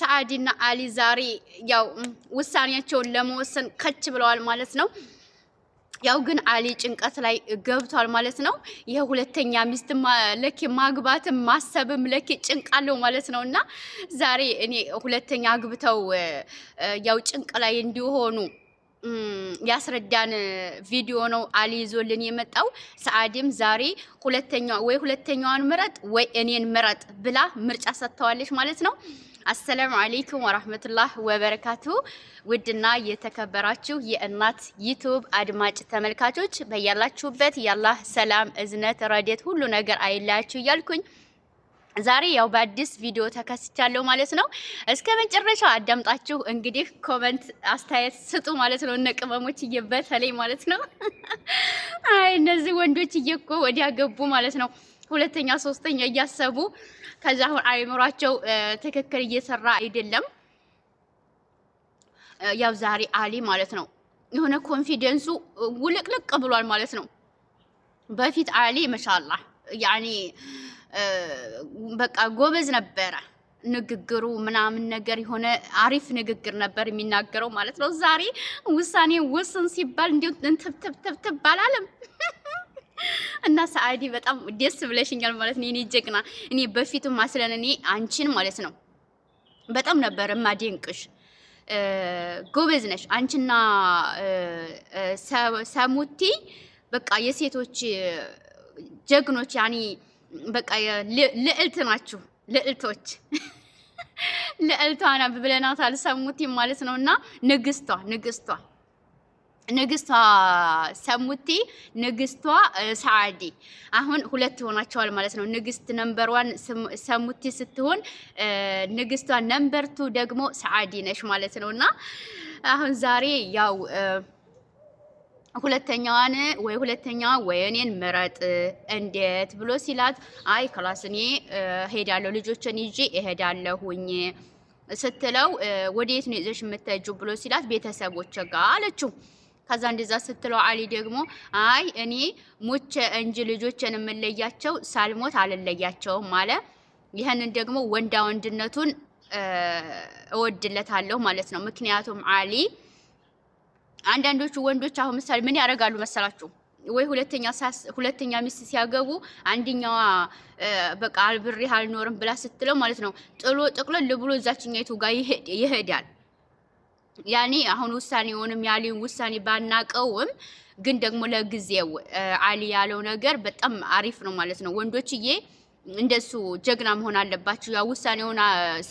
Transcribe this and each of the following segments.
ሰአዲና አሊ ዛሬ ያው ውሳኔያቸውን ለመወሰን ከች ብለዋል ማለት ነው። ያው ግን አሊ ጭንቀት ላይ ገብቷል ማለት ነው። ይሄ ሁለተኛ ሚስት ለኬ ማግባትም ማሰብም ለኬ ጭንቅ አለው ማለት ነው። እና ዛሬ እኔ ሁለተኛ አግብተው ያው ጭንቅ ላይ እንዲሆኑ ያስረዳን ቪዲዮ ነው አሊ ይዞልን የመጣው። ሰአዲም ዛሬ ሁለተኛ ወይ ሁለተኛዋን ምረጥ ወይ እኔን ምረጥ ብላ ምርጫ ሰጥተዋለች ማለት ነው። አሰላሙ አሌይኩም ወራህመቱላህ ወበረካቱ። ውድና የተከበራችሁ የእናት ዩቱብ አድማጭ ተመልካቾች በያላችሁበት ያላህ ሰላም፣ እዝነት፣ ረዴት ሁሉ ነገር አይለያችሁ እያልኩኝ ዛሬ ያው በአዲስ ቪዲዮ ተከስቻለሁ ማለት ነው። እስከ መጨረሻው አዳምጣችሁ እንግዲህ ኮመንት አስተያየት ስጡ ማለት ነው። እነ ቅመሞች በተለይ ማለት ነው። አይ እነዚህ ወንዶች እየኮ ወዲያ ገቡ ማለት ነው። ሁለተኛ ሶስተኛ እያሰቡ ከዛ አሁን አይምሯቸው ትክክል እየሰራ አይደለም። ያው ዛሬ አሊ ማለት ነው የሆነ ኮንፊደንሱ ውልቅልቅ ብሏል ማለት ነው። በፊት አሊ መሻላ ያኔ በቃ ጎበዝ ነበረ ንግግሩ ምናምን ነገር የሆነ አሪፍ ንግግር ነበር የሚናገረው ማለት ነው። ዛሬ ውሳኔ ውስን ሲባል እንዲሁ እንትብትብትብ አላለም። እና ሰአዲ በጣም ደስ ብለሽኛል ማለት ነው። እኔ ጀግና፣ እኔ በፊቱ ማስለን እኔ አንቺን ማለት ነው በጣም ነበር ማደንቅሽ። ጎበዝ ነሽ አንቺና ሰሙቲ በቃ የሴቶች ጀግኖች ያኒ በቃ ልዕልት ናችሁ፣ ልዕልቶች ልዕልቷ ብለናታል ሰሙቲ ማለት ነው እና ንግስቷ ንግስቷ ንግስቷ ሰሙቲ ንግስቷ ሰዓዲ አሁን ሁለት ሆናቸዋል ማለት ነው። ንግስት ነምበር ዋን ሰሙቲ ስትሆን ንግስቷ ነምበር ቱ ደግሞ ሰዓዲ ነሽ ማለት ነው። እና አሁን ዛሬ ያው ሁለተኛዋን ወይ ሁለተኛዋ ወይ እኔን ምረጥ እንዴት ብሎ ሲላት አይ ክላስ እኔ ሄዳለሁ ልጆችን ይዤ እሄዳለሁኝ ስትለው ወዴት ነው ይዘሽ የምትሄጂው ብሎ ሲላት ቤተሰቦች ጋር አለችው። ከዛ እንደዛ ስትለው አሊ ደግሞ አይ እኔ ሞቼ እንጂ ልጆችን የምለያቸው ሳልሞት አልለያቸውም አለ። ይህንን ደግሞ ወንዳ ወንድነቱን እወድለታለሁ ማለት ነው። ምክንያቱም አሊ አንዳንዶቹ ወንዶች አሁን ምሳሌ ምን ያደርጋሉ መሰላችሁ? ወይ ሁለተኛ ሁለተኛ ሚስት ሲያገቡ አንደኛዋ በቃ አልብሬህ አልኖርም ብላ ስትለው ማለት ነው ጥሎ ጥቅሎ ልብሎ እዛችኛይቱ ጋር ይሄዳል። ያኔ አሁን ውሳኔውንም የአሊን ውሳኔ ባናቀውም ግን ደግሞ ለጊዜው አሊ ያለው ነገር በጣም አሪፍ ነው ማለት ነው። ወንዶችዬ እንደሱ ጀግና መሆን አለባችሁ። ያ ውሳኔውን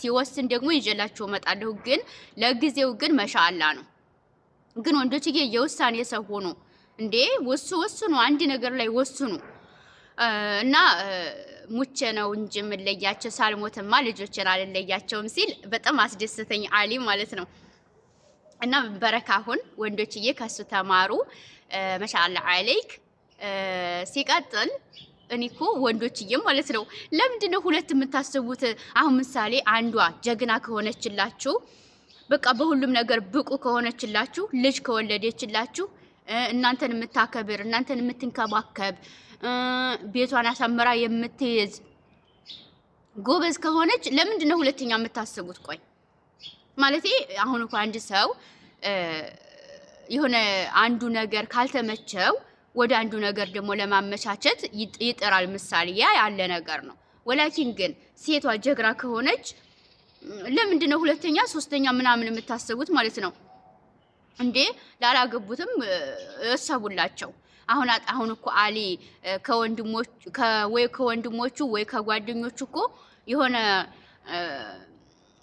ሲወስን ደግሞ ይዤላችሁ እመጣለሁ። ግን ለጊዜው ግን መሻአላ ነው። ግን ወንዶችዬ የውሳኔ ሰው ሆኖ እንዴ! ወሱ ወስኑ፣ አንድ ነገር ላይ ወስኑ እና ሙቼ ነው እንጂ የምለያቸው ሳልሞትማ ልጆችን አልለያቸውም ሲል በጣም አስደሰተኝ አሊ ማለት ነው። እና በረካ አሁን ወንዶችዬ፣ ከሱ ተማሩ። መሻላ አለይክ። ሲቀጥል እኔኮ እኮ ወንዶችዬ ማለት ነው፣ ለምንድነው ነው ሁለት የምታስቡት? አሁን ምሳሌ አንዷ ጀግና ከሆነችላችሁ፣ በቃ በሁሉም ነገር ብቁ ከሆነችላችሁ፣ ልጅ ከወለደችላችሁ፣ እናንተን የምታከብር እናንተን የምትንከባከብ ቤቷን አሳምራ የምትይዝ ጎበዝ ከሆነች ለምንድነው ሁለተኛ የምታስቡት? ቆይ ማለት አሁን እኮ አንድ ሰው የሆነ አንዱ ነገር ካልተመቸው ወደ አንዱ ነገር ደግሞ ለማመቻቸት ይጥራል። ምሳሌ ያ ያለ ነገር ነው። ወላኪን ግን ሴቷ ጀግራ ከሆነች ለምንድን ነው ሁለተኛ ሶስተኛ ምናምን የምታስቡት ማለት ነው እንዴ? ላላገቡትም እሰቡላቸው። አሁን አሁን እኮ አሊ ከወንድሞቹ ወይ ከጓደኞቹ እኮ የሆነ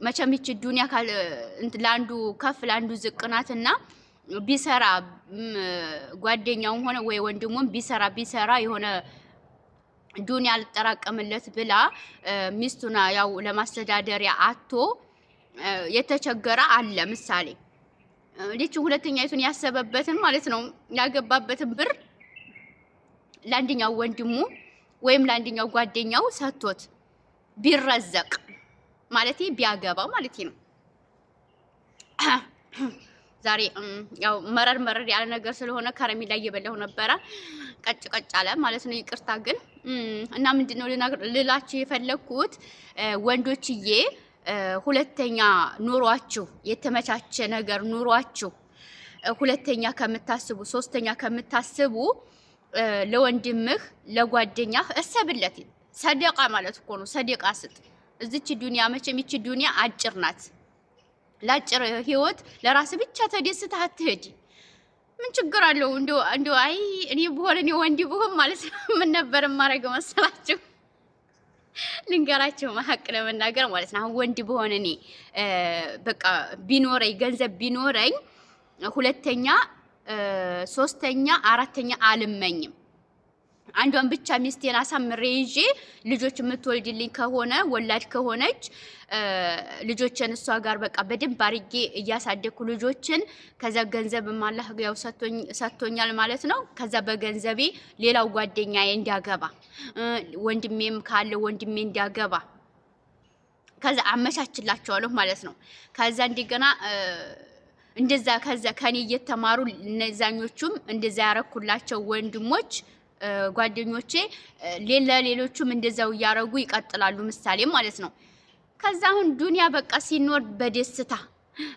መቼም ይች ዱንያ ለአንዱ ከፍ ለአንዱ ዝቅ ናትና ቢሰራ ጓደኛውም ሆነ ወይ ወንድሙም ቢሰራ ቢሰራ የሆነ ዱንያ አልጠራቀምለት ብላ ሚስቱና ያው ለማስተዳደሪያ አቶ የተቸገረ አለ። ምሳሌ ልጅ ሁለተኛይቱን ያሰበበትን ማለት ነው ያገባበትን ብር ለአንደኛው ወንድሙ ወይም ለአንደኛው ጓደኛው ሰጥቶት ቢረዘቅ ማለት ቢያገባ ማለት ነው። ዛሬ ያው መረር መረር ያለ ነገር ስለሆነ ከረሜላ እየበላሁ ነበረ። ቀጭ ቀጭ አለ ማለት ነው። ይቅርታ ግን እና ምንድነው ልላችሁ የፈለግኩት ወንዶችዬ፣ ሁለተኛ ኑሯችሁ የተመቻቸ ነገር ኑሯችሁ ሁለተኛ ከምታስቡ ሶስተኛ ከምታስቡ ለወንድምህ ለጓደኛህ እሰብለት ሰደቃ ማለት እኮ ነው። ሰደቃ ስጥ እዚች ዱንያ መቼም ይቺ ዱንያ አጭር ናት። ለአጭር ህይወት ለራስ ብቻ ተደስተህ አትሄድ። ምን ችግር አለው? እንዶ እንዶ አይ እኔ ብሆን እኔ ወንድ ብሆን ማለት ነው ምን ነበር የማደርገው መሰላችሁ? ልንገራችሁ ሀቅ ለመናገር ማለት ነው። አሁን ወንድ ብሆን እኔ በቃ ቢኖረኝ ገንዘብ ቢኖረኝ ሁለተኛ፣ ሶስተኛ፣ አራተኛ አልመኝም አንዷን ብቻ ሚስቴን አሳምሬ ይዤ ልጆች የምትወልድልኝ ከሆነ ወላድ ከሆነች ልጆችን እሷ ጋር በቃ በደንብ አርጌ እያሳደግኩ ልጆችን ከዛ ገንዘብ ማላህ ያው ሰጥቶኛል ማለት ነው። ከዛ በገንዘቤ ሌላው ጓደኛዬ እንዲያገባ ወንድሜም ካለ ወንድሜ እንዲያገባ ከዛ አመቻችላቸዋለሁ ማለት ነው። ከዛ እንደገና እንደዛ ከዛ ከኔ እየተማሩ እነዛኞቹም እንደዛ ያረኩላቸው ወንድሞች ጓደኞቼ ሌሎቹም እንደዛው እያረጉ ይቀጥላሉ። ምሳሌ ማለት ነው። ከዛ አሁን ዱንያ በቃ ሲኖር በደስታ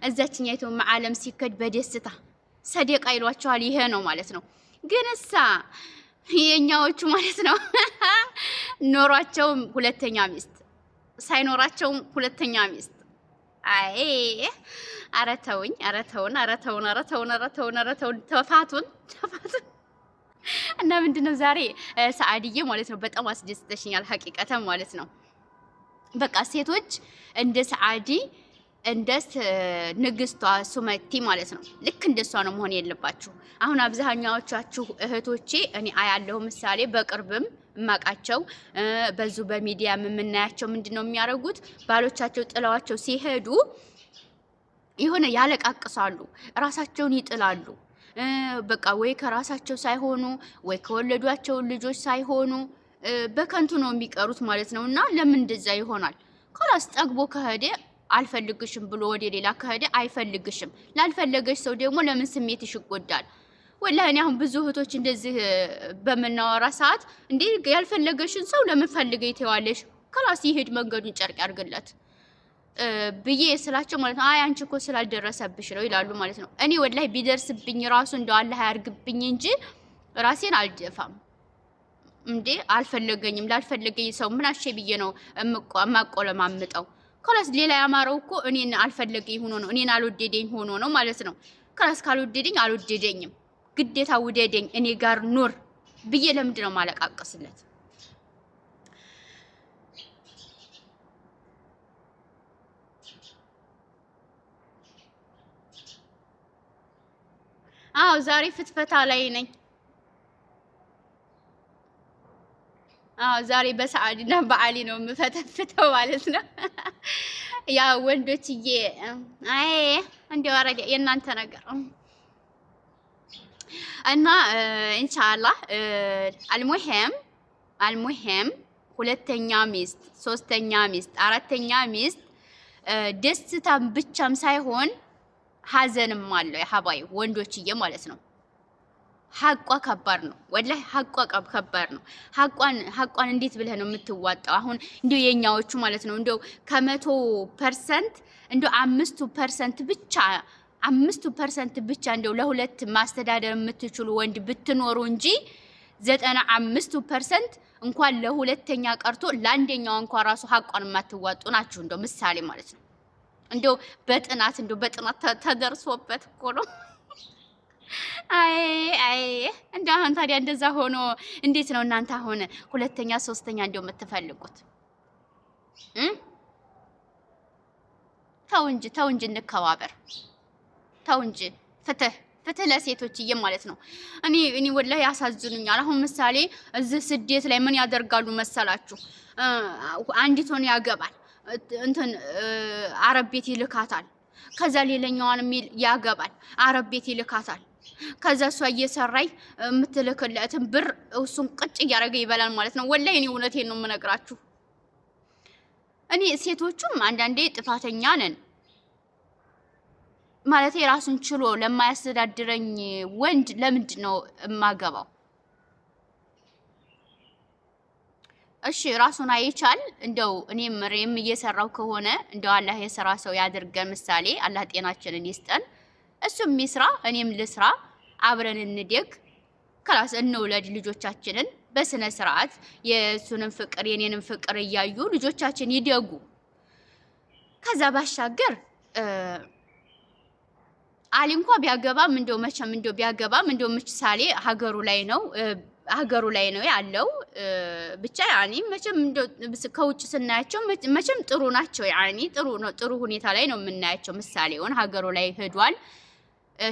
እዛችኛ የቶ ዓለም ሲከድ በደስታ ሰደቃ ይሏቸዋል። ይሄ ነው ማለት ነው። ግን እሳ የኛዎቹ ማለት ነው ኖሯቸውም ሁለተኛ ሚስት ሳይኖራቸውም ሁለተኛ ሚስት አይ አረተውኝ አረተውን አረተውን አረተውን አረተውን አረተውን ተፋቱን ተፋቱን እና ምንድን ነው ዛሬ ሰአድዬ ማለት ነው በጣም አስደስተሽኛል። ሀቂቀተ ማለት ነው በቃ ሴቶች እንደ ሰአዲ እንደ ንግስቷ ሱመቲ ማለት ነው ልክ እንደሷ ነው መሆን የለባችሁ። አሁን አብዛኛዎቻችሁ እህቶቼ እኔ አያለሁ ምሳሌ በቅርብም እማቃቸው በዙ በሚዲያ የምናያቸው ምንድን ነው የሚያደርጉት ባሎቻቸው ጥለዋቸው ሲሄዱ የሆነ ያለቃቅሳሉ፣ ራሳቸውን ይጥላሉ። በቃ ወይ ከራሳቸው ሳይሆኑ ወይ ከወለዷቸው ልጆች ሳይሆኑ በከንቱ ነው የሚቀሩት ማለት ነው። እና ለምን እንደዛ ይሆናል? ከላስ ጠግቦ ከሄደ አልፈልግሽም ብሎ ወደ ሌላ ከሄደ አይፈልግሽም። ላልፈለገች ሰው ደግሞ ለምን ስሜት ይሽጎዳል ወላሂ እኔ አሁን ብዙ እህቶች እንደዚህ በምናወራ ሰዓት እንዴ ያልፈለገሽን ሰው ለምን ፈልገኝ ትይዋለሽ? ከላስ ይሄድ መንገዱን ጨርቅ ያርግለት። ብዬ ስላቸው ማለት ነው። አይ አንቺ እኮ ስላልደረሰብሽ ነው ይላሉ ማለት ነው። እኔ ወላሂ ቢደርስብኝ ራሱ እንደው አላህ ያርግብኝ እንጂ ራሴን አልደፋም። እንዴ አልፈለገኝም። ላልፈለገኝ ሰው ምን አሸ ብዬ ነው የማቆለማምጠው? ከላስ ሌላ ያማረው እኮ እኔን አልፈለገኝ ሆኖ ነው፣ እኔን አልወደደኝ ሆኖ ነው ማለት ነው። ከላስ ካልወደደኝ አልወደደኝም፣ ግዴታ ውደደኝ፣ እኔ ጋር ኑር ብዬ ለምንድን ነው ማለቃቀስለት? አዎ ዛሬ ፍትፈታ ላይ ነኝ። አዎ ዛሬ በሰዓድና በአሊ ነው የምፈተፍተው ማለት ነው። ያ ወንዶችዬ፣ አይ እንደው ኧረ የእናንተ ነገር እና ኢንሻአላህ አልሙሄም አልሙሄም ሁለተኛ ሚስት፣ ሶስተኛ ሚስት፣ አራተኛ ሚስት ደስታም ብቻም ሳይሆን ሀዘንም አለው የሀባይ ወንዶችዬ ማለት ነው። ሀቋ ከባድ ነው። ወላሂ ሀቋ ከባድ ነው። ሀቋን እንዴት ብለህ ነው የምትዋጣው? አሁን እንዲሁ የኛዎቹ ማለት ነው እንዲው ከመቶ ፐርሰንት እንዲ አምስቱ ፐርሰንት ብቻ አምስቱ ፐርሰንት ብቻ እንደው ለሁለት ማስተዳደር የምትችሉ ወንድ ብትኖሩ እንጂ ዘጠና አምስቱ ፐርሰንት እንኳን ለሁለተኛ ቀርቶ ለአንደኛው እንኳን ራሱ ሀቋን የማትዋጡ ናችሁ። እንደው ምሳሌ ማለት ነው እንደው በጥናት እንደው በጥናት ተደርሶበት እኮ ነው። አይ አይ እንደ አሁን ታዲያ እንደዛ ሆኖ እንዴት ነው እናንተ አሁን ሁለተኛ ሶስተኛ እንደው የምትፈልጉት? ተው እንጂ ተው እንጂ እንከባበር። ተው እንጂ ፍትህ ፍትህ ለሴቶችዬ ማለት ነው። እኔ እኔ ወላሂ ያሳዝኑኛል። አሁን ምሳሌ እዚህ ስደት ላይ ምን ያደርጋሉ መሰላችሁ? አንዲት ያገባል እንትን አረብ ቤት ይልካታል። ከዛ ሌላኛዋን ያገባል። አረብ ቤት ይልካታል። ከዛ እሷ እየሰራይ የምትልክለትን ብር እሱን ቅጭ እያደረገ ይበላል ማለት ነው። ወላይ እኔ እውነቴን ነው የምነግራችሁ። እኔ ሴቶቹም አንዳንዴ ጥፋተኛ ነን ማለት የራሱን ችሎ ለማያስተዳድረኝ ወንድ ለምንድን ነው የማገባው? እሺ ራሱን አይቻል። እንደው እኔም ሬም እየሰራው ከሆነ እንደው አላህ የስራ ሰው ያድርገን። ምሳሌ አላህ ጤናችንን ይስጠን፣ እሱም ይስራ፣ እኔም ልስራ፣ አብረን እንደግ፣ ከላስ እንውለድ ልጆቻችንን በስነ ስርዓት የእሱንም ፍቅር የኔንም ፍቅር እያዩ ልጆቻችን ይደጉ። ከዛ ባሻገር አሊ እንኳ ቢያገባም እንደው መቼም እንደው ቢያገባም እንደው ምሳሌ ሀገሩ ላይ ነው ሀገሩ ላይ ነው ያለው። ብቻ ያኒ መቼም ከውጭ ስናያቸው መቼም ጥሩ ናቸው። ያኒ ጥሩ ነው፣ ጥሩ ሁኔታ ላይ ነው የምናያቸው። ምሳሌውን ሀገሩ ላይ ሄዷል፣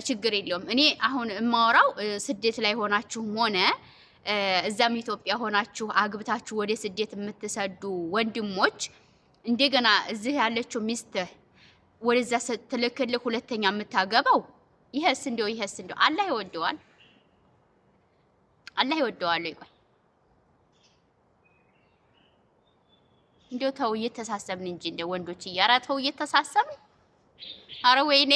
ችግር የለውም። እኔ አሁን የማወራው ስደት ላይ ሆናችሁም ሆነ እዛም ኢትዮጵያ ሆናችሁ አግብታችሁ ወደ ስደት የምትሰዱ ወንድሞች እንደገና እዚህ ያለችው ሚስትህ ወደዛ ስትልክልህ ሁለተኛ የምታገባው ይሄስ እንደው ይሄስ እንደው አላህ ይወደዋል። አላህ ይወደዋል። ይቆይ እንደው ተው እየተሳሰብን እንጂ እንደ ወንዶች እያራ ተው እየተሳሰብን። አረ ወይኔ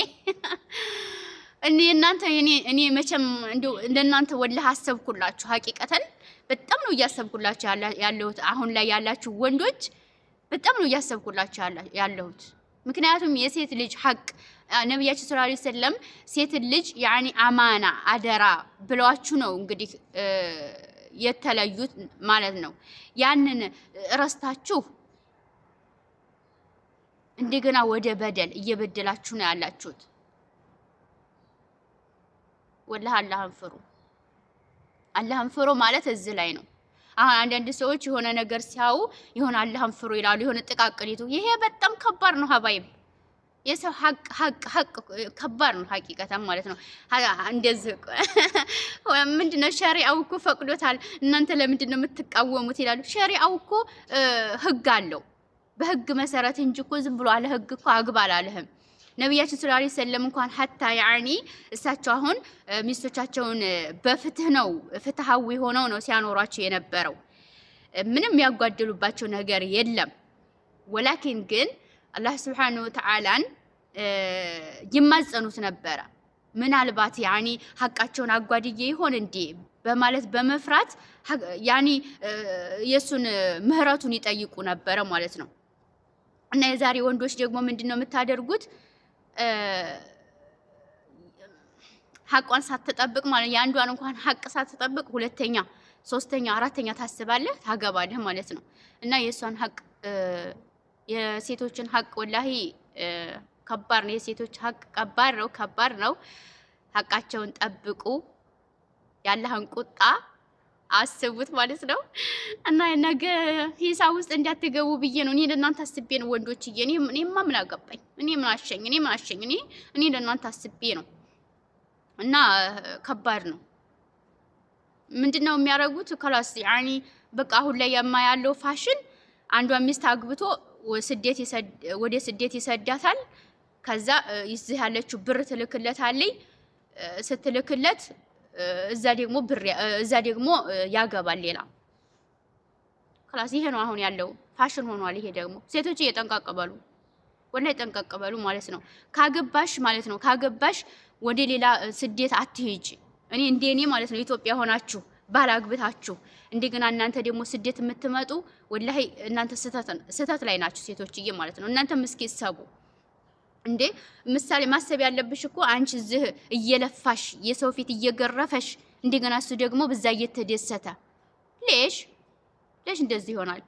እኔ እናንተ እኔ እኔ መቼም እንደው እንደናንተ ወላህ አሰብኩላችሁ። ሀቂቀተን በጣም ነው እያሰብኩላችሁ ያለሁት። አሁን ላይ ያላችሁ ወንዶች በጣም ነው እያሰብኩላችሁ ያለሁት። ምክንያቱም የሴት ልጅ ሀቅ ነቢያችን ስለ ላ ሰለም ሴት ልጅ ያኒ አማና አደራ ብሏችሁ ነው እንግዲህ የተለዩት ማለት ነው። ያንን እረስታችሁ እንደገና ወደ በደል እየበደላችሁ ነው ያላችሁት። ወላህ አላህን ፍሩ። አላህን ፍሩ ማለት እዚህ ላይ ነው። አሁን አንዳንድ ሰዎች የሆነ ነገር ሲያዩ የሆነ አላህን ፍሩ ይላሉ። የሆነ ጥቃቅሊቱ ይሄ በጣም ከባድ ነው ሀባይም የሰው ሀቅ ሀቅ ሀቅ ከባድ ነው። ሀቂቀታም ማለት ነው። እንደዚህ ምንድን ነው ሸሪአው እኮ ፈቅዶታል። እናንተ ለምንድን ነው የምትቃወሙት ይላሉ። ሸሪአው እኮ ህግ አለው። በህግ መሰረት እንጂ እኮ ዝም ብሎ አለ ህግ እኮ አግባ አላለህም። ነቢያችን ስለ ላ ሰለም እንኳን ሀታ ያኒ እሳቸው አሁን ሚስቶቻቸውን በፍትህ ነው ፍትሃዊ ሆነው ነው ሲያኖሯቸው የነበረው። ምንም ያጓደሉባቸው ነገር የለም። ወላኪን ግን አላህ ስብሓን ወተዓላን ይማጸኑት ነበረ። ምናልባት ያኒ ሀቃቸውን አጓድዬ ይሆን እንዴ በማለት በመፍራት ያኒ የእሱን ምህረቱን ይጠይቁ ነበረ ማለት ነው። እና የዛሬ ወንዶች ደግሞ ምንድን ነው የምታደርጉት? ሀቋን ሳትጠብቅ ማለት የአንዷን እንኳን ሀቅ ሳትጠብቅ ሁለተኛ፣ ሶስተኛ፣ አራተኛ ታስባለህ ታገባለህ ማለት ነው። እና የእሷን ሀቅ የሴቶችን ሀቅ ወላሂ ከባድ ነው። የሴቶች ሀቅ ከባድ ነው፣ ከባድ ነው። ሀቃቸውን ጠብቁ። ያለህን ቁጣ አስቡት ማለት ነው። እና ነገ ሂሳብ ውስጥ እንዳትገቡ ብዬ ነው እኔ ለእናንተ አስቤ ነው ወንዶችዬ። እኔማ ምን አገባኝ? እኔ ምን አሸኝ? እኔ ምን አሸኝ? እኔ እኔ ለእናንተ አስቤ ነው። እና ከባድ ነው። ምንድን ነው የሚያደርጉት? ከላስ ያኒ በቃ አሁን ላይ የማ ያለው ፋሽን አንዷ ሚስት አግብቶ ስደት ወደ ስደት ይሰዳታል። ከዛ ይዝህ ያለችው ብር ትልክለታለች ስትልክለት እዛ ደግሞ ብር እዛ ደግሞ ያገባል ሌላ ክላስ። ይሄ ነው አሁን ያለው ፋሽን ሆኗል። ይሄ ደግሞ ሴቶች እየጠንቀቅ በሉ ወላሂ በሉ ማለት ነው። ካገባሽ ማለት ነው ካገባሽ ወደ ሌላ ስደት አትሄጂ። እኔ እንደኔ ማለት ነው ኢትዮጵያ ሆናችሁ ባላግብታችሁ እንደገና እናንተ ደግሞ ስደት የምትመጡ ወላሂ እናንተ ስህተት ላይ ናችሁ ሴቶችዬ ማለት ነው። እናንተ ምስኪ ሰቡ እንዴ ምሳሌ ማሰብ ያለብሽ እኮ አንቺ እዚህ እየለፋሽ የሰው ፊት እየገረፈሽ እንደገና እሱ ደግሞ በዛ እየተደሰተ ሌሽ ሌሽ እንደዚህ ይሆናል።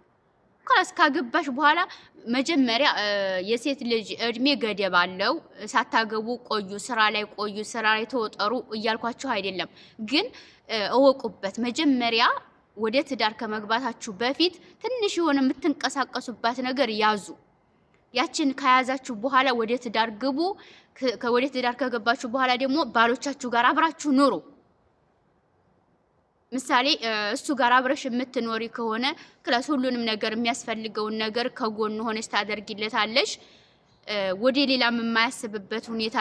ከላስ ካገባሽ በኋላ መጀመሪያ የሴት ልጅ እድሜ ገደብ አለው። ሳታገቡ ቆዩ፣ ስራ ላይ ቆዩ፣ ስራ ላይ ተወጠሩ እያልኳችሁ አይደለም፣ ግን እወቁበት። መጀመሪያ ወደ ትዳር ከመግባታችሁ በፊት ትንሽ የሆነ የምትንቀሳቀሱባት ነገር ያዙ። ያችን ከያዛችሁ በኋላ ወደ ትዳር ግቡ። ወደ ትዳር ከገባችሁ በኋላ ደግሞ ባሎቻችሁ ጋር አብራችሁ ኑሩ። ምሳሌ እሱ ጋር አብረሽ የምትኖሪ ከሆነ ክላስ ሁሉንም ነገር የሚያስፈልገውን ነገር ከጎን ሆነች ታደርጊለታለሽ። ወደ ሌላም የማያስብበት ሁኔታ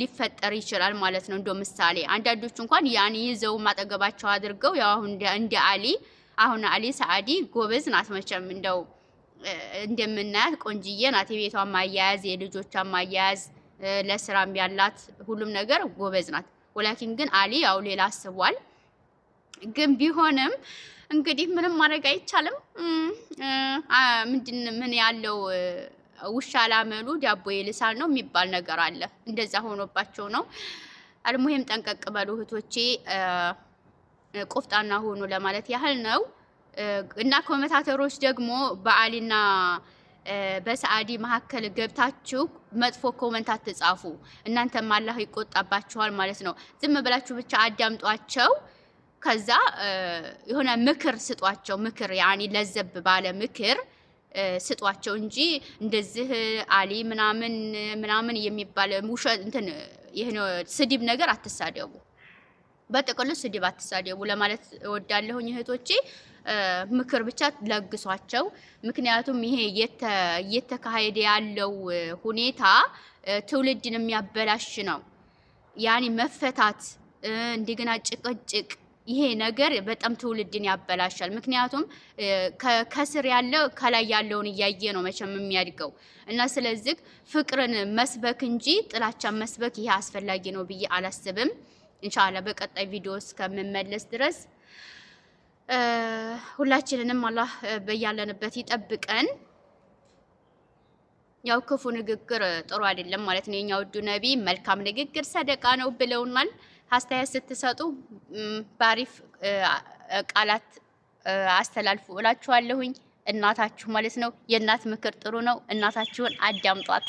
ሊፈጠር ይችላል ማለት ነው። እንደ ምሳሌ አንዳንዶች እንኳን ያን ይዘው ማጠገባቸው አድርገው ያው እንደ አሊ አሁን አሊ ሰአዲ ጎበዝ ናት መቼም እንደው እንደምናያት ቆንጅዬ ናት። የቤቷን ማያያዝ፣ የልጆቿን ማያያዝ፣ ለስራም ያላት ሁሉም ነገር ጎበዝ ናት። ወላኪን ግን አሊ ያው ሌላ አስቧል። ግን ቢሆንም እንግዲህ ምንም ማድረግ አይቻልም። ምንድን ምን ያለው ውሻ ላመሉ ዳቦ ይልሳል ነው የሚባል ነገር አለ። እንደዛ ሆኖባቸው ነው። አልሙሄም ጠንቀቅ በሉ እህቶቼ፣ ቆፍጣና ሆኑ ለማለት ያህል ነው። እና ኮመታተሮች ደግሞ በአሊና በሰአዲ መካከል ገብታችሁ መጥፎ ኮመንት አትጻፉ። እናንተም አላህ ይቆጣባችኋል ማለት ነው። ዝም ብላችሁ ብቻ አዳምጧቸው። ከዛ የሆነ ምክር ስጧቸው። ምክር ያኔ ለዘብ ባለ ምክር ስጧቸው እንጂ እንደዚህ አሊ ምናምን ምናምን የሚባል ውሸት እንትን ይህን ስድብ ነገር አትሳደቡ። በጥቅሉ ስድብ አትሳደቡ ለማለት እወዳለሁኝ እህቶቼ። ምክር ብቻ ለግሷቸው። ምክንያቱም ይሄ እየተካሄደ ያለው ሁኔታ ትውልድን የሚያበላሽ ነው። ያኔ መፈታት እንደገና ጭቅጭቅ ይሄ ነገር በጣም ትውልድን ያበላሻል። ምክንያቱም ከስር ያለው ከላይ ያለውን እያየ ነው መቼም የሚያድገው እና ስለዚህ ፍቅርን መስበክ እንጂ ጥላቻን መስበክ ይሄ አስፈላጊ ነው ብዬ አላስብም። ኢንሻአላ በቀጣይ ቪዲዮ እስከምመለስ ድረስ ሁላችንንም አላህ በያለንበት ይጠብቀን። ያው ክፉ ንግግር ጥሩ አይደለም ማለት ነው። የኛ ውዱ ነቢ መልካም ንግግር ሰደቃ ነው ብለውናል። አስተያየት ስትሰጡ በአሪፍ ቃላት አስተላልፉ እላችኋለሁኝ። እናታችሁ ማለት ነው የእናት ምክር ጥሩ ነው። እናታችሁን አዳምጧት።